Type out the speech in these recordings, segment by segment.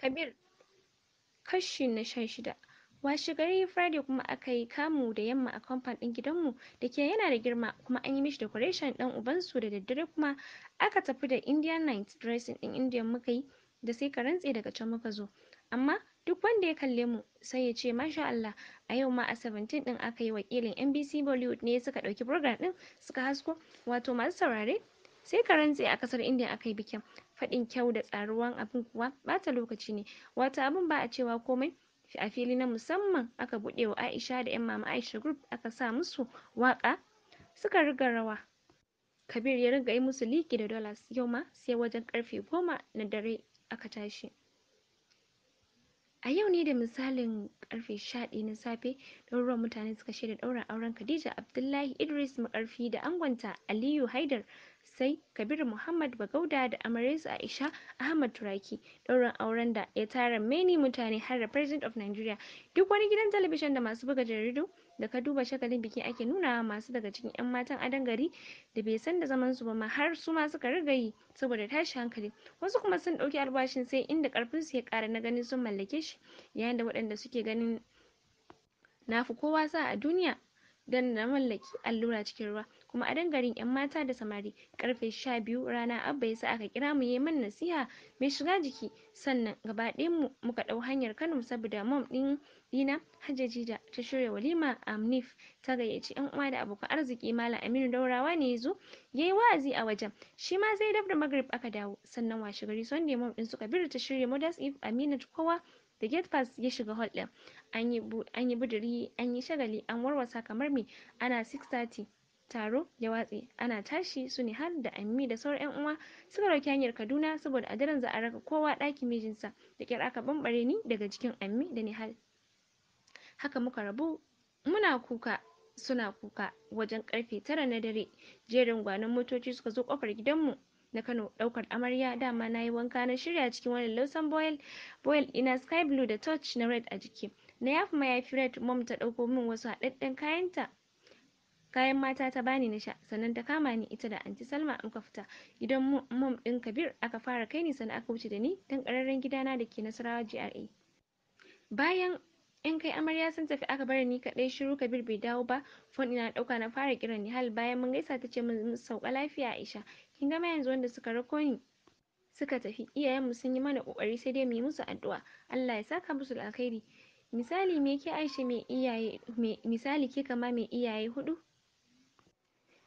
Kabir kashi na sha shida washe gari Friday kuma aka yi kamu da yamma a kamfan ɗin gidanmu da ke yana da girma kuma an yi mishi decoration ɗan ubansu da daddare kuma aka tafi da Indian night dressing ɗin Indian muka yi da sai ka rantse daga can muka zo amma duk wanda ya kalle mu sai ya ce masha Allah a yau ma a 17 ɗin aka yi wakilin NBC Bollywood ne suka ɗauki program ɗin suka hasko wato masu saurare sai ka rantse a ƙasar indiya aka yi bikin faɗin kyau da tsaruwan abin kuwa bata lokaci ne wata abin ba a cewa komai a fili na musamman aka buɗe wa aisha da yan mama aisha group aka sa musu waƙa suka riga rawa kabir ya riga yi musu liki da dollars yau ma sai wajen karfe goma na dare aka tashi a yau ne da misalin karfe shaɗi na safe ɗauruwan mutane suka shaida ɗaurin auren khadija abdullahi idris makarfi da angonta aliyu haidar sai Kabir Muhammad Bagauda da Amaris Aisha Ahmad Turaki ɗaurin auren da ya tara many mutane har da President of Nigeria duk wani gidan talabijin da masu buga jaridu da ka duba shagalin biki ake nuna masu daga cikin 'yan matan adon gari da bai san da zaman su ba ma har su ma suka riga yi saboda tashi hankali wasu kuma sun ɗauki albashin sai inda karfin su ya kara na ganin sun mallake shi yayin da waɗanda suke ganin nafi kowa sa a duniya dan na mallaki allura cikin ruwa kuma a garin yan mata da samari karfe sha biyu rana abba ya sa aka kira mu yi man nasiha mai shiga jiki sannan gaba mu muka ɗau hanyar kano saboda mom ɗin dina jija ta shirya walima a ta gayyaci yan uwa da abokan arziki malam aminu daurawa ne ya zo ya yi wa'azi a wajen shi ma sai dab da magrib aka dawo sannan washe gari sunday mom ɗin suka ta shirya modas if aminu kowa da gate pass ya shiga hall ɗin an yi buduri an yi shagali an warwasa kamar me ana 630 taro ya watse ana tashi su ne har da ammi da sauran yan uwa suka rauki hanyar kaduna saboda a daren za a raka kowa dakin mijinsa da kyar aka bambare ni daga jikin ammi da nihal haka muka rabu muna kuka suna kuka wajen karfe tara na dare jerin gwanon motoci suka zo kofar gidanmu na kano daukar amarya dama na yi wanka na shirya cikin wani lausan boil boil ina sky blue da touch na red a jiki na yafi mayafi red mom ta dauko min wasu haɗaɗɗen kayanta kayan mata ta bani na sha sannan ta kama ni ita da anti salma muka fita idan mom din kabir aka fara kai ni sannan aka wuce da ni dan kararren gidana da ke nasarawa gra bayan in kai amarya sun tafi aka bar ni kadai shiru kabir bai dawo ba fon ina dauka na fara kiran nihal bayan mun gaisa ta ce mun sauka lafiya aisha kin gama yanzu wanda suka rako ni suka tafi iyayenmu sun yi mana kokari sai dai mu yi musu addu'a Allah ya saka musu alkhairi misali me ke Aisha me iyaye misali ke kama mai iyaye hudu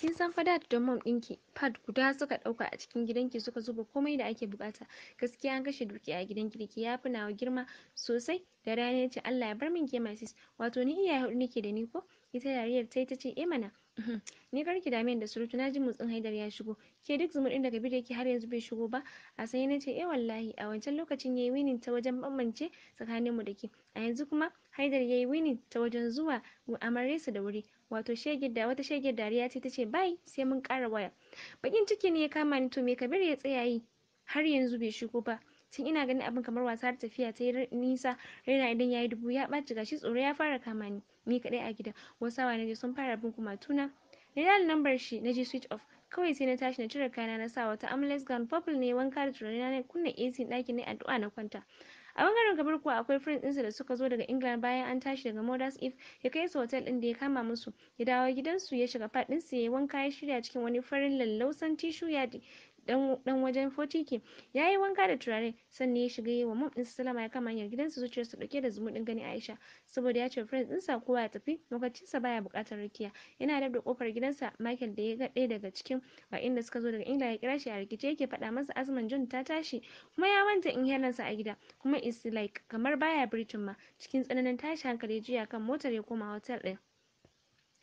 kin san fa da don mom ɗinki pad guda suka ɗauka a cikin gidanki suka zuba komai da ake bukata gaskiya an kashe dukiya a gidanki da ke yafi nawa girma sosai da rana ya ce Allah ya bar min ke sis wato ni iyaye hudu nake da ni ko ita yariyar ta ta ce eh mana uhm, ni karki dame da surutu na ji motsin haidar ya shigo ke duk zumuɗin daga kabir yake har yanzu bai shigo ba a sanya na ce eh wallahi a wancan lokacin yayi winin ta wajen bambance tsakaninmu da ke a yanzu kuma haidar yayi winin ta wajen zuwa mu da wuri wato shege da wata shege dariya ce tace bai sai mun ƙara waya bakin ciki ne ya kama ni to me kabir ya tsaya yi har yanzu bai shigo ba tun ina ganin abin kamar wasa ta tafiya ta yi nisa raina idan yayi dubu ya ɓaci gashi tsoro ya fara kama ni ni kaɗai a gida wasawa na je sun fara bin tuna. na da lambar shi na ji switch off kawai sai na tashi na cire kayana na sa wata amles gown purple ne wanka da turare na kunna AC ɗakin na addu'a na kwanta a bangaren kamar kuwa akwai friends ɗinsa da suka zo daga england bayan an tashi daga modas if ya kai su hotel ɗin da ya kama musu ya dawo gidansu ya shiga fat ya yi wanka ya shirya cikin wani farin lallausan tishu yadi dan wajen 40k ya yi wanka da turare sannan ya shiga yi wa mom ɗinsa salama ya kama hanyar gidansu zuciyarsa dauke da zumudin gani aisha saboda ya ce friends sa kowa ya tafi lokacinsa baya bukatar rikiya yana dab da gidan gidansa michael da ya ga ɗaya daga cikin ba inda suka zo daga inda ya kira shi a rikice yake faɗa masa azman john ta tashi kuma ya wanta in sa a gida kuma is like kamar baya birkin ma cikin tsananin tashi hankali jiya kan motar ya koma hotel ɗin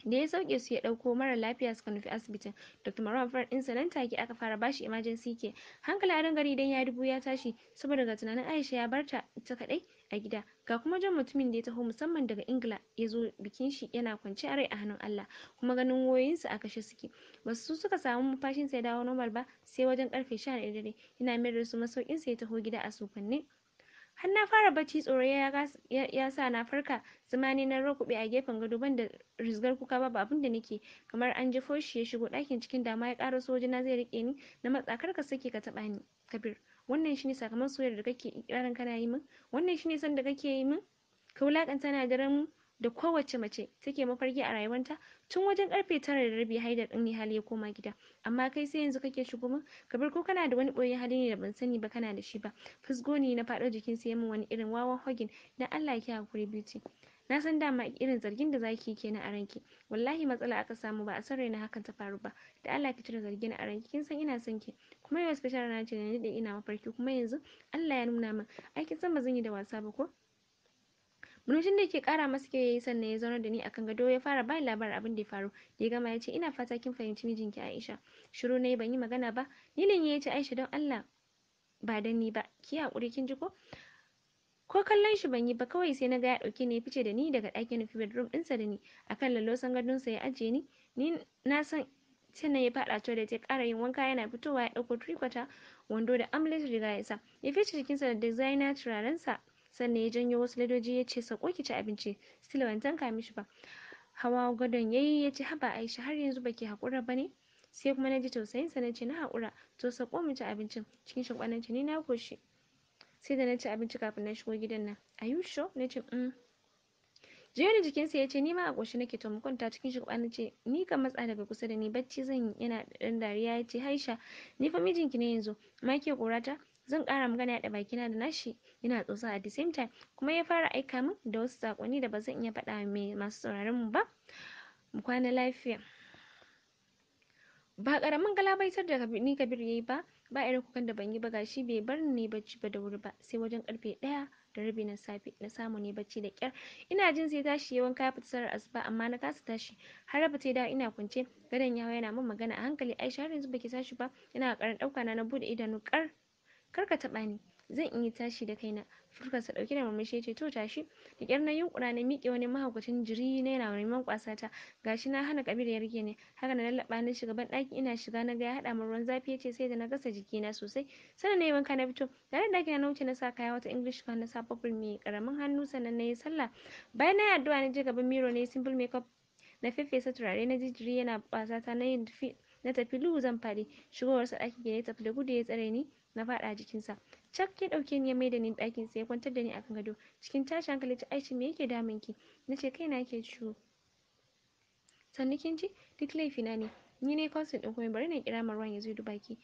da ya sauke su ya ɗauko mara lafiya suka nufi asibitin dr marwan far sa nan take aka fara bashi emergency ke. hankali a gari idan ya dubu ya tashi saboda ga tunanin aisha ya barta ta kadai a gida ga kuma jan mutumin da ya taho musamman daga ingila ya zo bikin shi yana kwance a rai a hannun allah kuma ganin wayoyin sa a kashe suke basu su suka samu mafashin ya dawo normal ba sai wajen karfe sha na dare yana mayar da su masaukinsa ya taho gida a sukanni har na fara bacci tsoro ya sa na farka zama ne na rukuɓe a gefen gado ban da rigar kuka babu abin da nake kamar an ji foshi ya shigo ɗakin cikin dama ya ƙara na zai riƙe ni na matsa kar ka sake ka taɓa ni kabir wannan shine sakamakon soyayyar da kake ikirarin kana yi min wannan shine son da kake yi min ka wulakanta na daren da kowacce mace take mafarki a rayuwarta tun wajen karfe tara da rabi haidar din ne hali ya koma gida amma kai sai yanzu kake shigo min kabar ko kana da wani boye hali ne da ban sani ba kana da shi ba fusgo ne na faɗo jikin sai min wani irin wawan hogin dan Allah ki hakuri beauty na san dama irin zargin da zaki yi kenan a ranki wallahi matsala aka samu ba a san raina hakan ta faru ba da Allah ki cire zargin a ranki kin san ina son ki kuma yau special rana ce da ni da ina mafarki kuma yanzu Allah ya nuna min ai kin san ba zan yi da wasa ba ko murmushin da yake kara masa kyau yayi sannan ya zauna da ni akan gado ya fara bani labarin abin da ya faru da ya gama ya ce ina fata kin fahimci mijinki Aisha shiru nayi ban yi magana ba nilin ya ce Aisha don Allah ba dan ni ba ki hakuri kin ji ko ko kallon shi ban yi ba kawai sai na ga ya dauke ni ya fice da ni daga ɗakin nufi bedroom ɗinsa da ni akan lallosan gadonsa ya ajiye ni ni na san sannan ya faɗa da ya ƙara yin wanka yana fitowa ya ɗauko tricota wando da amulet riga ya sa ya fice jikinsa da designer turarensa sannan ya janyo wasu ladoji ya ce sauko ki ci abinci still ban tanka mishi ba hawa gadon yayi ya ce haba aisha har yanzu baki haƙura ba ne sai kuma na ji tausayinsa na na haƙura to sako mu ci abincin cikin shi kwanan ni na koshi sai da na abinci kafin na shigo gidan nan are you sure mm jiyo da jikinsa ya ce ni ma a ƙoshi nake to mu kwanta cikin shi kwanan ce ni kan matsa daga kusa da ni bacci zan yi yana ɗan dariya yace ce haisha ni fa mijinki ne yanzu ma ke korata zan ƙara magana da bakina da nashi yana tsotsa at the same time kuma ya fara aika min da wasu sakonni da ba zan iya faɗa mai masu sauraron mu ba mu kwana lafiya ba ƙaramin galabaitar da ni kabir yayi ba ba irin kukan da ban yi ba gashi bai bar ni bacci ba da wuri ba sai wajen karfe ɗaya da rabi na safe na samu ne bacci da kyar ina jin zai tashi yawan kaya fita sarar asuba amma na kasa tashi har ba ta dawo ina kwance gadon yawa yana min magana a hankali aisha har yanzu baki tashi ba ina karan ɗauka na na bude idanu kar kar ka taɓa ni zan iya tashi da kaina sa ɗauke da murmushi ya ce to tashi da ƙyar na yunƙura na miƙe wani mahaukacin jiri na yana neman ta gashi na hana kabir ya rike ni haka na lallaɓa na shiga ban ina shiga na ga ya haɗa min ruwan zafi yace sai da na gasa jiki na sosai sannan na wanka na fito tare da ɗakin na wuce na sa kaya wata english kan na sa purple mai ƙaramin hannu sannan na yi sallah bayan na yi addu'a na je gaban miro na yi simple makeup na fefesa turare na jijiri yana ƙwasata na yi na tafi luhu zan faɗi shigowarsa ɗakin ya tafi da gudu ya tsare ni na faɗa a sa cak ya ɗauke ni ya maida ni ɗakin sa ya kwantar da ni akan gado cikin tashin hankali ta aishi me yake damun ki nace kaina yake ciwo sannu kin ji duk laifina ne ni ne kwasin ɗin kuma bari na kira Marwan ya zo duba ki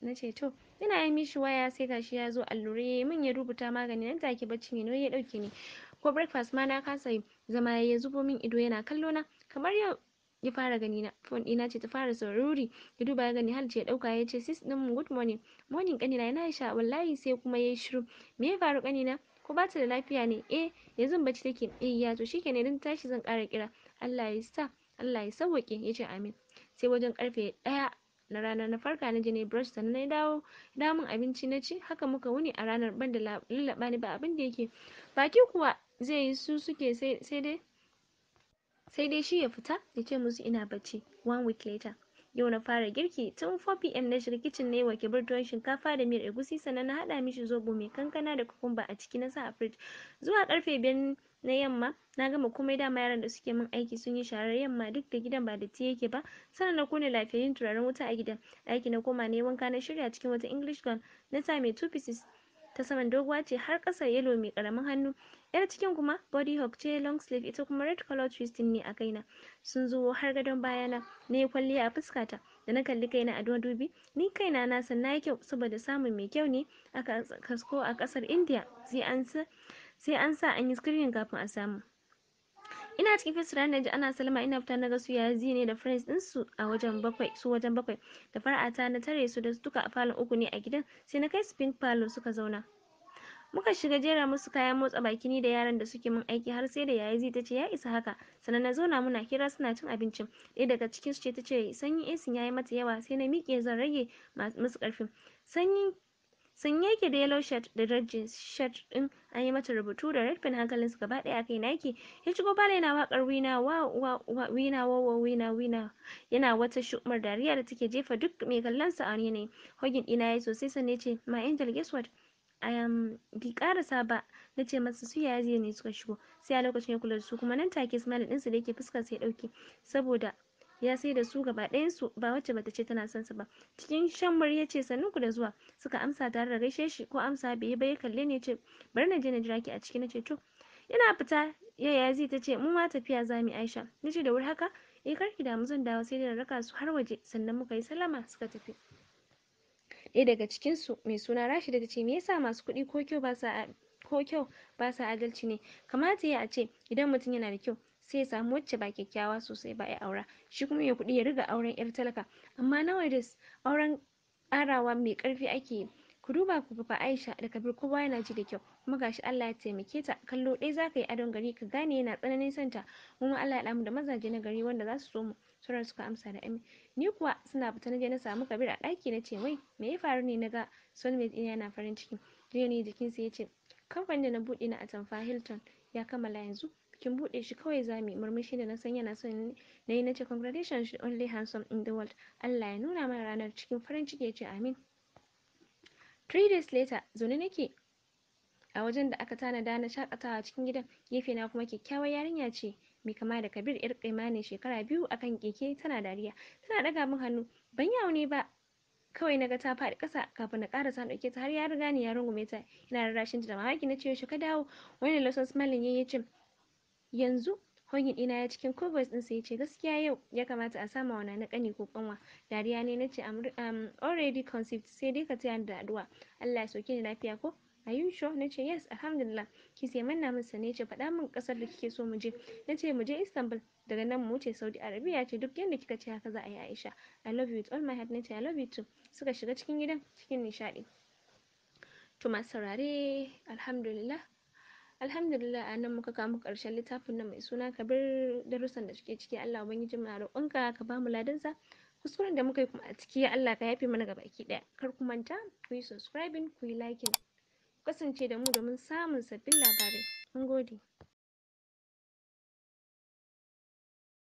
na ce to ina yi mishi waya sai gashi ya zo allura allure min ya rubuta magani nan take bacci mai nauyi ya ɗauke ni ko breakfast ma na kasa yi zama ya zubo min ido yana kallo na kamar yau ya fara gani na phone ɗina ce ta fara saururi ya duba ya gani har ce ya dauka ya ce sis ɗin good morning morning ƙanina yana sha wallahi sai kuma ya yi shiru me ya faru na ko ba ta da lafiya ne eh zan bacci take eh ya to shikenan idan tashi zan ƙara kira Allah ya sa Allah ya sauwaƙe ya ce amin sai wajen karfe ɗaya na rana na farka na je na brush sannan na dawo damun abinci na ci haka muka wuni a ranar ban da lallaɓa ni ba abin da yake baki kuwa zai yi su suke sai dai sai dai shi ya fita ya ce musu ina bacci one week later yau na fara girki tun 4 pm na shiga kicin na yi wake tuwon shinkafa da miyar egusi sannan na haɗa mishi zobo mai kankana da kukumba a ciki na sa a fridge zuwa karfe biyar na yamma na gama komai dama yaran da suke min aiki sun yi sharar yamma duk da gidan ba datti yake ba sannan na kone lafiyayyen turaren wuta a gidan ɗaki na koma na yi wanka na shirya cikin wata english gown na sa mai two pieces ta saman doguwa ce har ƙasa yelo mai ƙaramin hannu yar cikin kuma body hawk ce long sleeve ita kuma red color twisting ne a kaina sun zo har gadon bayana na yi kwalliya a fuskata da na kalli kaina a dubi ni kaina na san na kyau saboda samun mai kyau ne a kasko a ƙasar india sai an sa an yi screening kafin a samu ina cikin fesu ranar da ana salama ina fita na ga su yazi ne da friends din su a wajen bakwai su wajen bakwai da fara'ata na tare su da duka a falon uku ne a gidan sai na kai su pink palo suka zauna muka shiga jera musu kayan motsa baki ni da yaran da suke min aiki har sai da yayi ta ce ya isa haka sannan na zauna muna hira suna cin abincin ɗaya daga cikin su ce ta ce sanyin esin yayi mata yawa sai na miƙe zan rage masu ƙarfin sanyin sun yake da yellow shirt da red jeans shirt din an yi mata rubutu da hankalin su gaba daya akai naki ya shigo bala yana wakar wina wa wa wina wa wa wina wina yana wata shumar dariya da take jefa duk mai kallon sa a wani yanayi hogin dina yayi sosai sanne ce my angel guess what i am bi karasa ba na ce masa su yaya ne suka shigo sai a lokacin ya kula da su kuma nan take smile ɗinsu da yake fuskar sai dauke saboda ya sai da su gaba ɗayansu ba wacce bata ce tana son sa ba cikin shan ya ce sannu ku da zuwa suka amsa tare da gaishe shi ko amsa bai yi ba ya kalle ni ce bari na je na jira ki a ciki na to ina fita yaya zai ta ce mu ma tafiya za mu Aisha na da wuri haka eh karki da mu zan dawo sai da raka su har waje sannan muka yi sallama suka tafi ɗaya daga cikinsu mai suna Rashida ta ce me yasa masu kuɗi ko kyau ba sa ko kyau ba sa adalci ne kamata ya a ce idan mutum yana da kyau sai ya samu wacce ba kyakkyawa sosai ba ya aura shi kuma ya kuɗi ya riga auren yar talaka amma nawa da auren ƙarawa mai ƙarfi ake yi ku duba ku fa Aisha da Kabir kowa yana ji da kyau kuma gashi Allah ya taimake ta kallo ɗaya zaka yi adon gari ka gane yana tsananin santa kuma Allah ya damu da mazaje na gari wanda za su so mu sauran suka amsa da amin ni kuwa suna fita na je na samu Kabir a ɗaki na ce wai me ya faru ne naga soulmate ina yana farin ciki jiya ne jikinsa ya ce kamfanin da na buɗe na atamfa Hilton ya kammala yanzu kin bude shi kawai zami murmushi da na san yana son nayi yi na ce congratulations only handsome in the world Allah ya nuna mana ranar cikin farin ciki ya ce amin three days later zaune nake a wajen da aka tanada na shakatawa cikin gidan gefe na kuma kyakkyawar yarinya ce mai kama da kabir yar kaimani shekara biyu akan keke tana dariya tana daga min hannu ban yawo ne ba kawai na ga ta faɗi ƙasa kafin na ƙarasa ɗauke ta har ya riga ni ya rungume ta ina rarrashin da mamaki na ce yaushe ka dawo wani lasan smiling ya ce yanzu hanyar ina ya cikin covers ɗinsa ya ce gaskiya yau ya kamata a sama wani na kani ko ƙanwa dariya ne na ce already conceived sai dai ka tayar da addu'a Allah ya soke ni lafiya ko are you sure na ce yes alhamdulillah ki sai manna min sane ce faɗa min ƙasar da kike so mu je na ce mu je istanbul daga nan mu wuce saudi arabia ce duk yadda kika ce haka za a yi aisha i love you with all my heart na ce i love you too suka shiga cikin gidan cikin nishaɗi to masu saurare alhamdulillah alhamdulillah a nan muka kamu karshen littafin nan mai suna ka bar darussan da suke ciki Allah ubangiji da roƙonka ka ba mu ladansa kuskuren da muka yi kuma a ciki Allah ka yafe mana gabaki daya kar ku manta ku yi subscribing ku yi liking kasance da mu domin samun sabbin labarai mun gode